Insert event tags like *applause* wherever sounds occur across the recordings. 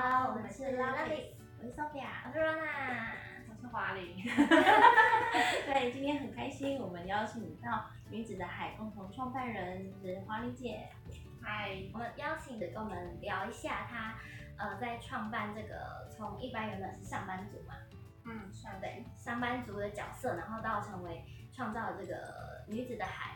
好，我們是 Lovehss 我是 Sophia，Odorana，我是 Rana，我是華苓。 *laughs* *laughs* 對，今天很開心，我們邀請到女子的海共同創辦人華苓姐，嗨，我們邀請的跟我們聊一下她，她呃在創辦這個，從一般原本是上班族嘛，嗯算，對，上班族的角色，然後到成為創造這個女子的海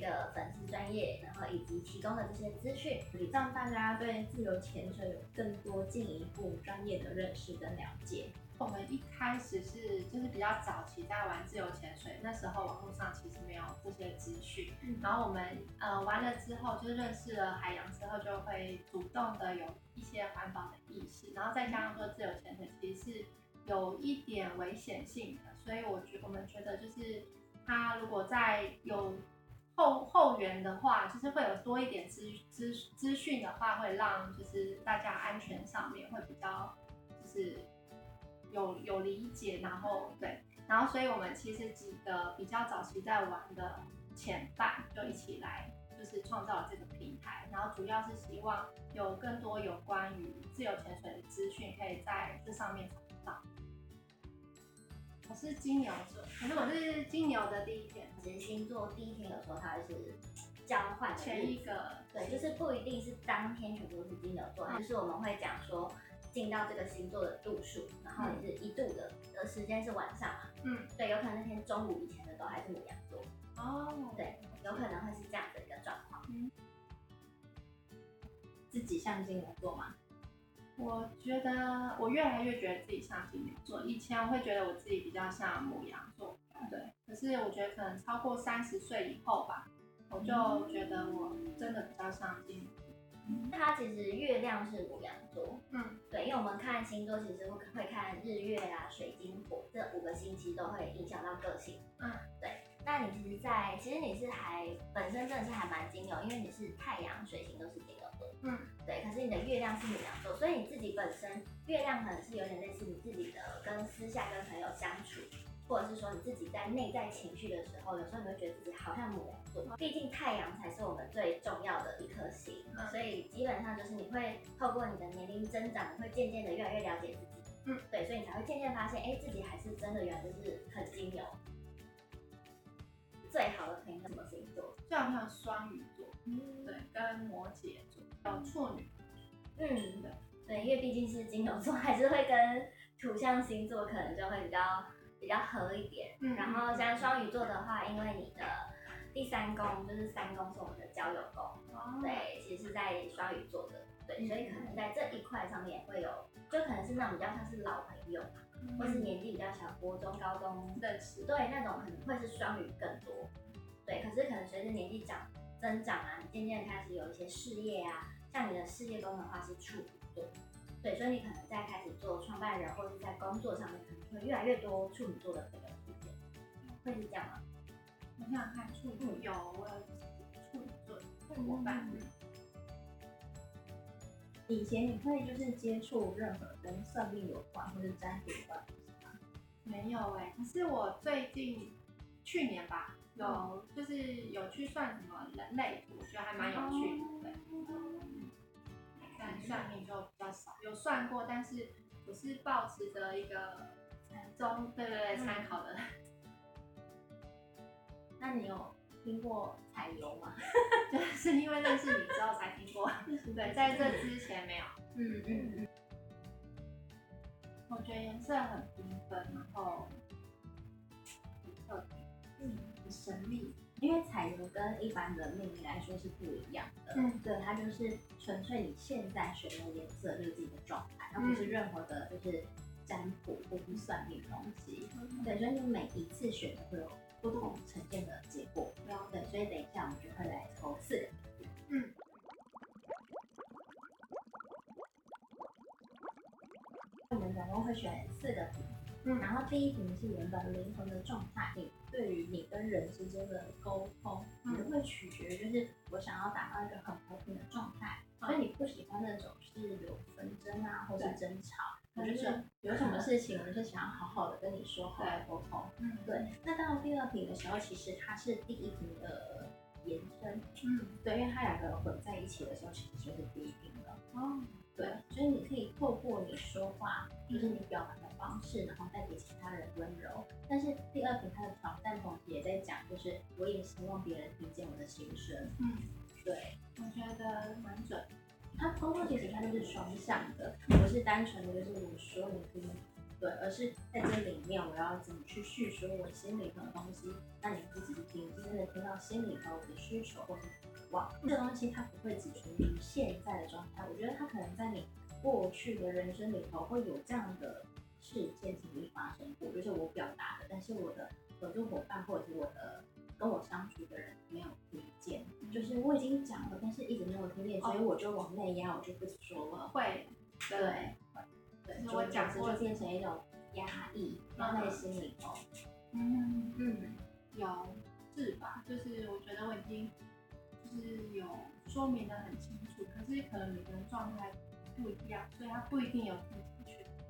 這個粉絲專頁，然後以及提供的這些資訊，讓大家對自由潛水有更多進一步專業的認識跟了解。我們一開始是就是比較早期在玩自由潛水，那時候網絡上其實沒有這些資訊。嗯、然後我們呃玩了之後，就認識了海洋之後，就會主動的有一些環保的意識。然後再加上說自由潛水其實是有一點危險性的，所以我覺我們覺得就是他如果在有後後援的話，就是會有多一點資資資訊的話，會讓就是大家安全上面會比較就是有有理解，然後對，然後所以我們其實幾個比較早期在玩的潛伴，就一起來就是創造這個平台，然後主要是希望有更多有關於自由潛水的資訊可以在這上面找到。我是金牛座，可是我是金牛的第一天。其實星座第一天有時候它就是交換，前一個。對，就是不一定是當天全部都是金牛座，嗯，就是我們會講說進到這個星座的度數，然後也是一度的，的時間是晚上嘛，嗯，對，有可能那天中午以前的都還是牡羊座，哦，對，有可能會是這樣的一個狀況。嗯，自己像金牛座嗎？我覺得我越來越覺得自己像金牛座，以前我會覺得我自己比較像牡羊座，對。可是我覺得可能超過三十歲以後吧，我就覺得我真的比較像金牛。他、嗯嗯、其實月亮是牡羊座，嗯，對。因為我們看星座其實會看日月啊、水金火這五個星期都會影響到個性，嗯，對。那你其實在，其實你是還本身真的是還蠻金牛，因為你是太陽水星都是金。嗯，對，可是你的月亮是牡羊座，所以你自己本身月亮可能是有點類似你自己的，跟私下跟朋友相處，或者是說你自己在內在情緒的時候，有時候你會覺得自己好像牡羊座。畢、嗯、竟太陽才是我們最重要的一顆星，嗯，所以基本上就是你會透過你的年齡增長，你會漸漸的越來越了解自己。嗯，對，所以你才會漸漸發現，哎、欸，自己還是真的原來就是很金牛。嗯，最好的朋友什麼星座？最好朋友雙魚座，嗯，對，跟摩羯。處女，嗯，對，因為畢竟是金牛座，還是會跟土象星座可能就會比較比較合一點。嗯、然後像雙魚座的話，因為你的第三宮就是三宮是我們的交友宮、哦，對，其實是在雙魚座的，對，所以可能在這一塊上面會有，就可能是那種比較像是老朋友、嗯，或是年紀比較小，國中、高中的，對，那種可能會是雙魚更多，對。可是可能隨着年紀長增長啊，漸漸開始有一些事業啊。像你的事業宮的話是處女座，對，所以你可能在開始做創辦人，或者在工作上面，可能會越來越多處女座的人會是這樣嗎？可以講嗎？我想看處女座、嗯、有啊，我的處女座夥伴。以前你會就是接觸任何跟算命有關，或者占卜有關嗎？沒有哎、欸，可是我最近去年吧，有、嗯、就是有去算什麼人類，我覺得還蠻有趣的。哦對算、嗯、命、嗯嗯嗯嗯、就比較少，有算過，但是我是抱持的一個、嗯、中，對對對、嗯，參考的。那你有聽過彩油嗎？ *laughs* 就是因為認識你之後才聽過， *laughs* 對，在這之前沒有。嗯嗯，嗯，嗯我覺得顏色很繽紛，然後很特別，嗯，神秘。因為彩油跟一般的命理來說是不一樣的，嗯、對它就是純粹你現在選的顏色就是自己的狀態，它、嗯、不是任何的就是占卜或不，不算命東西嗯嗯，對，所以你每一次選都會有不同呈現的結果。嗯、對，所以等一下我們就會來抽四個，嗯，嗯我們總共會選四個。嗯、然後第一瓶是原本靈魂的狀態，你對於你跟人之間的溝通也會取決，嗯、就是我想要達到一個很和平的狀態，嗯，所以你不喜歡那種是有紛爭啊，或者爭吵，是就是有什麼事情，嗯、我就想要好好的跟你說話，後來溝通。嗯，對。那到第二瓶的時候，其實它是第一瓶的延伸。嗯，對，因為它兩個混在一起的時候，其實就是第一瓶的。哦，對。所以你可以透過你說話，就、嗯、是你表達。方式，然後帶給其他人溫柔。但是第二點，他的挑戰同時也在講，就是我也希望別人聽見我的心聲。嗯，對，我覺得蠻準。他溝通其實他就是雙向的、嗯，不是單純的，就是我說你聽。對，而是在這裡面，我要怎麼去敘說我心裡頭的東西，那你自己聽，真的聽到心裡頭我的需求或者渴望。這東西它不會只存於現在的狀態，我覺得它可能在你過去的人生裡頭會有這樣的。事件曾經發生過，就是我表達的，但是我的合作夥伴或者是我的跟我相處的人沒有聽見、嗯，就是我已經講了，但是一直沒有聽見，哦、所以我就往內壓，我就不說了。會、哦，對，嗯、對我講的就，就變成一種壓抑，放在心裡頭。嗯嗯，有是吧？就是我覺得我已經就是有說明的很清楚，可是可能每個人狀態不一樣，所以它不一定有。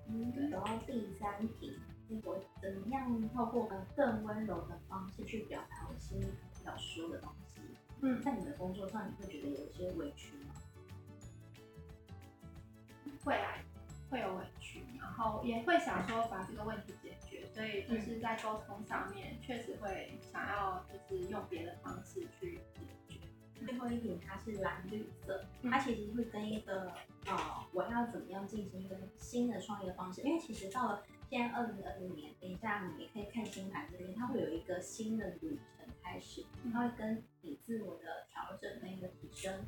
嗯，然後第三題，我怎麼樣透過更更溫柔的方式去表達我心裡要說的東西？嗯，在你的工作上，你會覺得有一些委屈嗎？會啊，會有委屈，然後也會想說把這個問題解決，嗯，所以就是在溝通上面，確實會想要就是用別的方式去。最後一瓶，它是藍綠色、嗯，它其實會跟一個，呃、哦，我要怎麼樣進行一個新的創業方式？因為其實到了現在二零二零年，等一下你也可以看星盤這邊，它會有一個新的旅程開始，它會跟你自我的調整跟一個提升。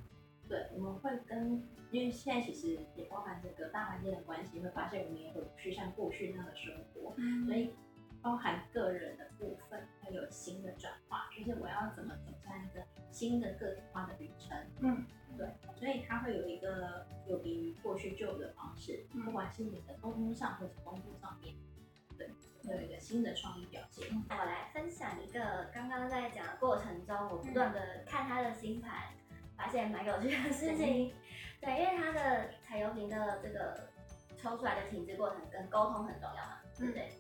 對，我們會跟，因為現在其實也包含這個大環境的關係，你會發現我們也會不像過去那個生活、嗯，所以包含個人的部分它有新的轉化，就是我要怎麼怎麼。新的個體化的旅程，嗯，對，所以它會有一個有別於過去舊的方式，嗯，不管是你的溝通上或者工作上面，對，會有一個新的創意表現，嗯。我來分享一個剛剛在講的過程中，我不斷的看他的星盤，發現蠻有趣的事情。嗯、對，因為他的彩油瓶的這個抽出來的品質過程跟溝通很重要嘛，嗯，對。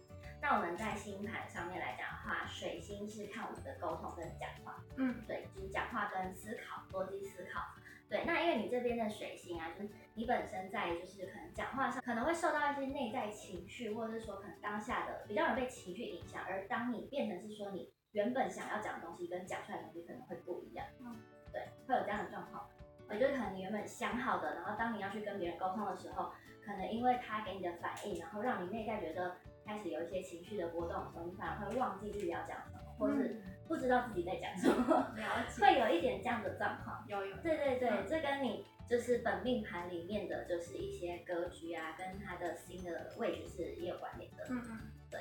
那我們在星盤上面來講的話，水星是看我們的溝通跟講話，嗯，對，就是講話跟思考，邏輯思考，對。那因為你這邊的水星啊，就是你本身在就是可能講話上，可能會受到一些內在情緒，或者是說可能當下的比較容易被情緒影響，而當你變成是說你原本想要講的東西跟講出來的東西可能會不一樣，嗯，對，會有這樣的狀況。我覺得可能你原本想好的，然後當你要去跟別人溝通的時候，可能因為他給你的反應，然後讓你內在覺得。開始有一些情緒的波動的時候，所以你反而會忘記自己要講什麼、嗯，或是不知道自己在講什麼、嗯，會有一點這樣的狀況。有、嗯、有。對對對、嗯，這跟你就是本命盤裡面的就是一些格局啊，跟它的星的位置是也有關聯的。嗯嗯。對。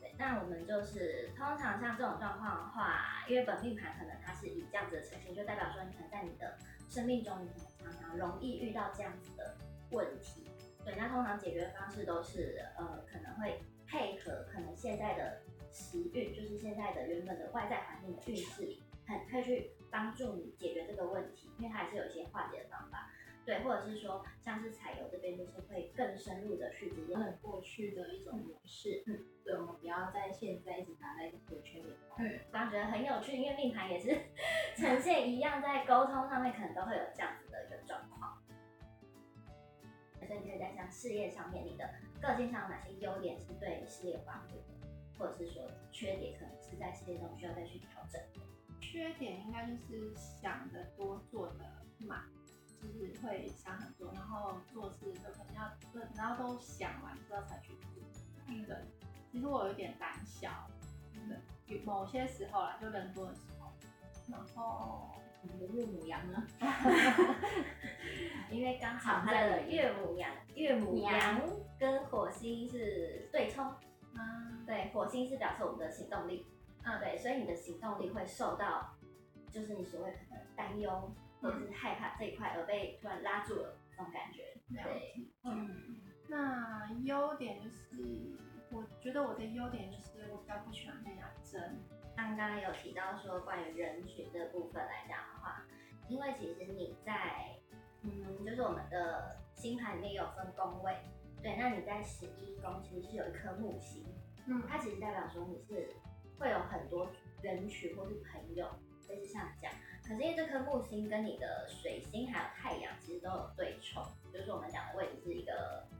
對。那我們就是通常像這種狀況的話，因為本命盤可能它是以這樣子的呈現，就代表說你可能在你的生命中很常常容易遇到這樣子的問題。對。那通常解決的方式都是呃可能會。配合可能現在的時運，就是現在的原本的外在環境的運勢，很可以去幫助你解決這個問題，因為它還是有一些化解的方法。對，或者是說像是彩油這邊，就是會更深入的去討論過去的一種模式、嗯。嗯，對，我們不要在現在一直拿來朋友圈裡。嗯，當然覺得很有趣，因為命盤也是 *laughs* 呈現一樣，在溝通上面可能都會有這樣子。所以你可以在像事業上面，你的個性上有哪些優點是對事業有幫助的，或者是說缺點可能是在事業中需要再去調整的。缺點應該就是想的多，做的慢，就是會想很多，然後做事可能要，然後都想完之後才去做。嗯，嗯，其實我有點膽小，嗯，某些時候啦，就人多的時候，然後。你的月牡羊呢 *laughs* 因為剛好在了月牡羊，月牡羊跟火星是對衝啊、嗯。對，火星是表示我們的行動力啊、嗯嗯。對，所以你的行動力會受到，就是你所謂的擔憂或者是害怕這一塊而被突然拉住了這種感覺。對，嗯。嗯那優點、就是，我覺得我的優點就是我比較不喜歡被壓制。剛剛有提到說關於人群的部分來講的話，因為其實你在，嗯，就是我們的星盤裡面有分宮位，對，那你在十一宮其實是有一顆木星，嗯，它其實代表說你是會有很多人群或是朋友，就是像你講，可是因為這顆木星跟你的水星還有太陽其實都有對沖，就是我們講的位置是一個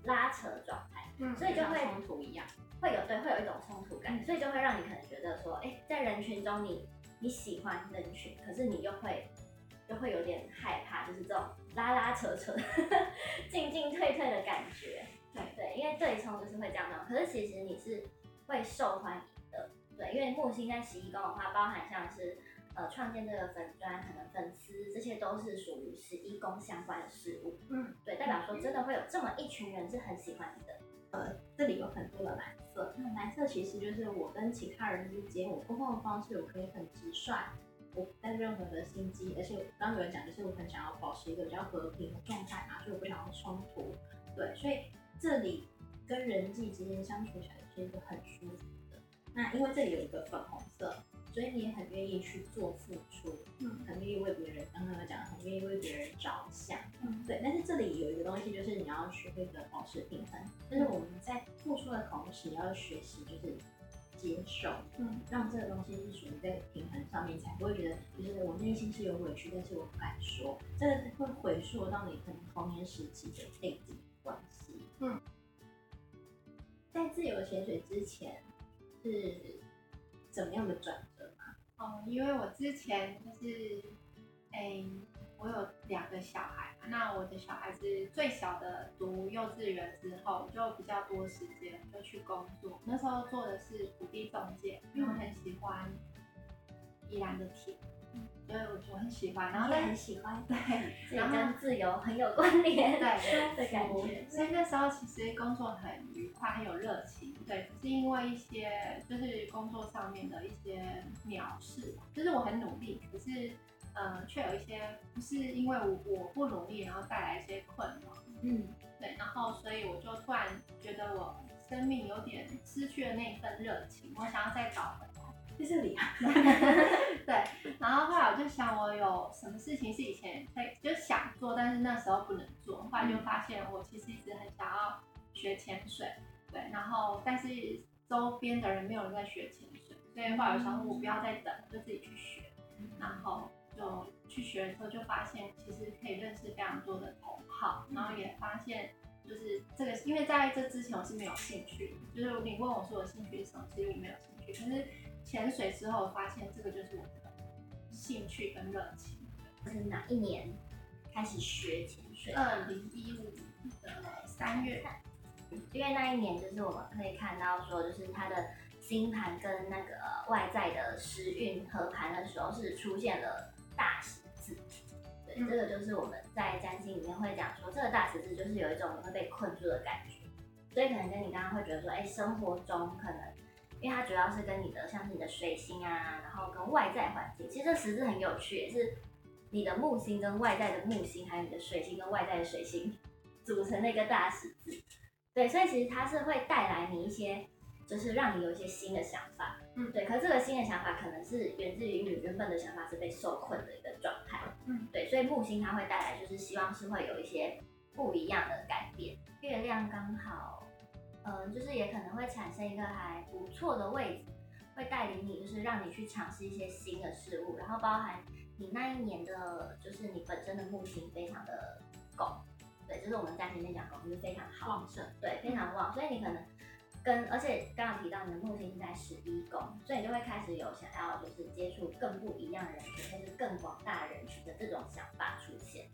拉扯狀。嗯、所以就會土一樣，會有對，會有一種衝突感、嗯，所以就會讓你可能覺得說，哎、欸，在人群中你你喜歡人群，可是你又會又會有點害怕，就是這種拉拉扯扯，進 *laughs* 進退退的感覺。嗯、對對，因為對沖就是會這樣的，可是其實你是會受歡迎的，對，因為木星在十一宮的話，包含像是呃創建這個粉專，可能粉絲這些都是屬於十一宮相關的事物。嗯，對，代表說真的會有這麼一群人是很喜歡你的。呃，這裡有很多的藍色，那藍色其實就是我跟其他人之間我溝通的方式，我可以很直率，我不帶任何的心機，而且剛剛有人講就是我很想要保持一個比較和平的狀態嘛，所以我不想要衝突，對，所以這裡跟人際之間相處起來其實是很舒服的。那因為這裡有一個粉紅色，所以你也很願意去做付出。嗯、很願意為別人，剛剛有講，很願意為別人着想，嗯，對。但是這裡有一個東西，就是你要學會的保持平衡。但，就是我們在付出的同時，要學習就是接受，嗯，讓這個東西是屬於在平衡上面，才不會覺得就是我內心是有委屈，但是我不敢說。這會回溯到你可能童年時期的背景關係。嗯，在自由潛水之前是怎麼樣的轉？哦，因為我之前就是，哎，欸，我有兩個小孩，那我的小孩子最小的讀幼稚園之後，就比較多時間就去工作。那時候做的是土地中介，因為我很喜歡宜蘭的田。所以我很喜歡，然後也很喜歡，對，然後自由很有關聯，對的感覺，所以那時候其實工作很愉快，很有熱情，對。只是因為一些就是工作上面的一些鳥事，就是我很努力，可是，呃，卻有一些不是因為我我不努力，然後帶來一些困擾，嗯，對。然後所以我就突然覺得我生命有點失去了那份熱情，我想要再找回。就是你啊， *laughs* 對。然後後來我就想，我有什麼事情是以前可以就想做，但是那時候不能做。後來就發現，我其實一直很想要學潛水，對。然後，但是周邊的人沒有人在學潛水，所以後來我想說我不要再等，就自己去學。然後就去學的時候，就發現其實可以認識非常多的同好，然後也發現就是這個，因為在這之前我是沒有興趣，就是你問我說我興趣是什麼，其實我沒有興趣，可是。潛水之後發現，這個就是我的興趣跟熱情。是哪一年開始學潛水？二零一五年的三月。因為那一年就是我們可以看到說，就是它的星盤跟那個外在的時運合盤的時候，是出現了大十字。對，這個就是我們在占星裡面會講說，這個大十字就是有一種會被困住的感覺。所以可能跟你剛剛會覺得說，哎、欸，生活中可能。因為它主要是跟你的，像是你的水星啊，然後跟外在環境，其實這十字很有趣，也是你的木星跟外在的木星，還有你的水星跟外在的水星組成的一個大十字。對，所以其實它是會帶來你一些，就是讓你有一些新的想法。嗯，對。可是這個新的想法可能是源自於你原本的想法是被受困的一個狀態。嗯，對。所以木星它會帶來，就是希望是會有一些不一樣的改變。月亮剛好。嗯、呃，就是也可能會產生一個還不錯的位置，會帶領你，就是讓你去嘗試一些新的事物，然後包含你那一年的，就是你本身的木星非常的拱，對，就是我們在前面講拱就是非常好，旺盛，對，非常旺，所以你可能跟，而且剛剛提到你的木星是在十一宮，所以你就會開始有想要就是接觸更不一樣的人群，或是更廣大的人群的這種想法出現。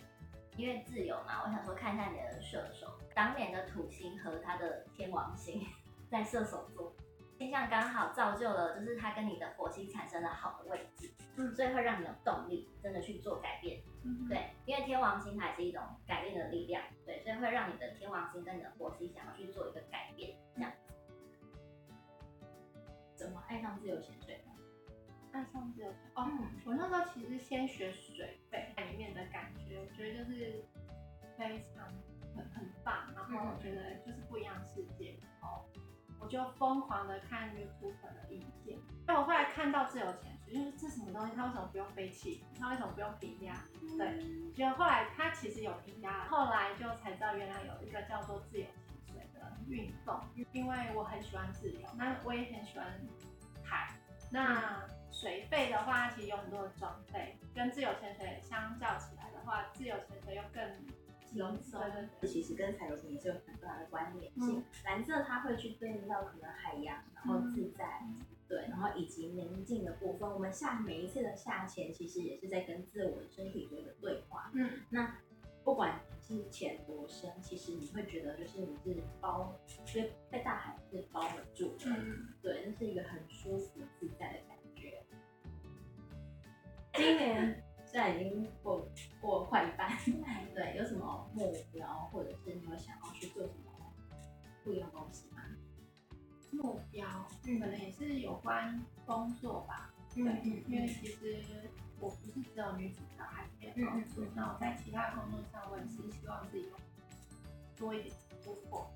因為自由嘛，我想說看一下你的射手，當年的土星和他的天王星在射手座，天象剛好造就了，就是他跟你的火星產生了好的位置，嗯，所以會讓你有動力真的去做改變，嗯，對，因為天王星它也是一種改變的力量，對，所以會讓你的天王星跟你的火星想要去做一個改變，嗯，這樣子。怎麼愛上自由潛水？愛上自由潛水哦，我那時候其實先學水。面的感覺，我覺得就是非常很很棒，然後我覺得就是不一樣世界哦。嗯、然後我就瘋狂的看 YouTube 的影片，因為我後來看到自由潛水，就是這什麼東西，它為什麼不用飛氣，它為什麼不用平壓？對，結、嗯、果後來它其實有平壓，後來就才知道原來有一個叫做自由潛水的運動。因為我很喜歡自由，那我也很喜歡海，那。嗯水肺的話，其實有很多的裝備，跟自由潛水相較起來的話，自由潛水又更輕鬆、嗯。對對對，其實跟彩油潛水有很多的關聯性、嗯。藍色它會去對應到可能海洋，然後自在，嗯、對，然後以及寧靜的部分。我們下每一次的下潛，其實也是在跟自我的身體做一個對話。嗯，那不管是潛多深，其實你會覺得就是你是包，因為在大海是包得住的、嗯，對，那是一個很舒服自在的感覺。今年現在已經過過快一半，對，有什麼目標或者是你有想要去做什麼不一樣東西嗎？目標、嗯、可能也是有關工作吧，嗯嗯，因為其實我不是只有女子的海還是有工作，那、嗯、在、嗯嗯、其他工作上，我也是希望自己多一點突破。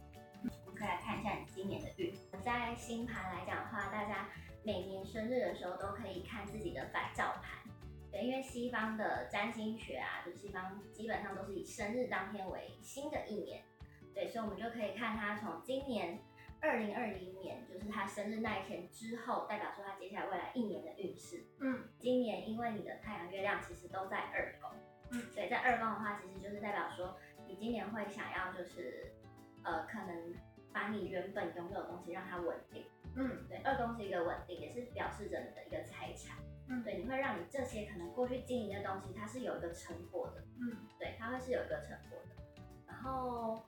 我們可以來看一下你今年的運，在星盤來講的話，大家每年生日的時候都可以看自己的返照盤。對，因為西方的占星學啊，就西方基本上都是以生日當天為新的一年，對，所以我們就可以看他從今年二零二零年，就是他生日那一天之後，代表說他接下來未來一年的運勢。嗯，今年因為你的太陽月亮其實都在二宮，嗯，所以在二宮的話，其實就是代表說你今年會想要就是，呃，可能把你原本擁有的東西讓它穩定。嗯，對，二宮是一個穩定，也是表示着你的一個財產。嗯，對，你會讓你這些可能過去經營的東西，它是有一個成果的。嗯，對，它會是有一個成果的。然後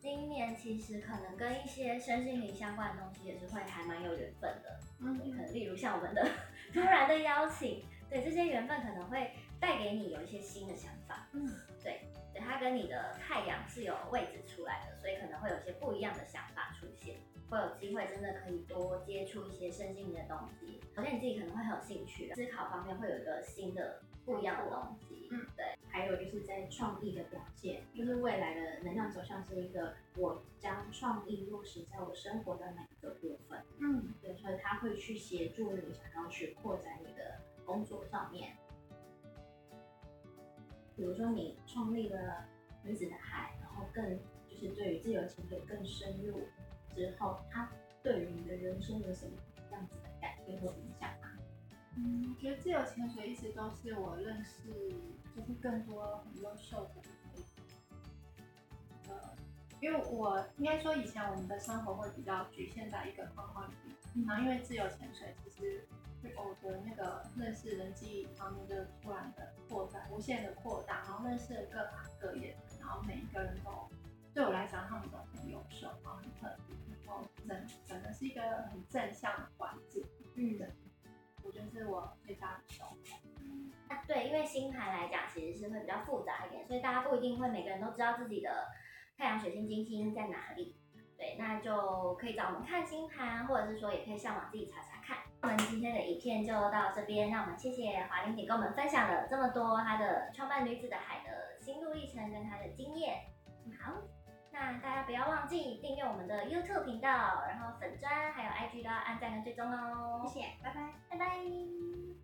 今年其實可能跟一些身心靈相關的東西也是會還蠻有緣分的。嗯，可能例如像我們的突然的邀請，對，這些緣分可能會帶給你有一些新的想法。嗯，對，對，它跟你的太陽是有位置出來的，所以可能會有一些不一樣的想法出現。會有機會真的可以多接觸一些身心靈的東西，首先你自己可能會很有興趣，思考方面會有一個新的不一樣的東西。嗯，對。還有就是在創意的表現，就是未來的能量走向是一個我將創意落實在我生活的每一個部分。嗯，對。所以他會去協助你，想要去擴展你的工作上面。比如說你創立了女子的海，然後更就是對於自由潛水更深入。之後，他對於你的人生有什麼樣子的感覺和影響嗎？嗯，我覺得自由潛水一直都是我認識，就是更多很優秀的人。呃，因為我應該說以前我們的生活會比較局限在一個框框裡面，然後因為自由潛水、就是，其、嗯、實我的那個認識人際方面的突然的擴大，無限的擴大，然後認識了各行各業，然後每一個人都對我來講，他們都很優秀，然後很特別。整整個是一個很正向的環境，嗯，我覺得是我最大的收穫。對，因為星盤來講其實是會比較複雜一點，所以大家不一定會每個人都知道自己的太陽、水星、星、金星在哪裡。對，那就可以找我們看星盤，或者是說也可以上網自己查查看。那我們今天的影片就到這邊，讓我們謝謝華苓姐跟我們分享了這麼多她的創辦女子的海的心路歷程跟她的經驗。嗯，好。那大家不要忘記訂閱我們的 YouTube 頻道，然後粉專還有 IG 都要按讚跟追蹤哦。謝謝，拜拜，拜拜。拜拜。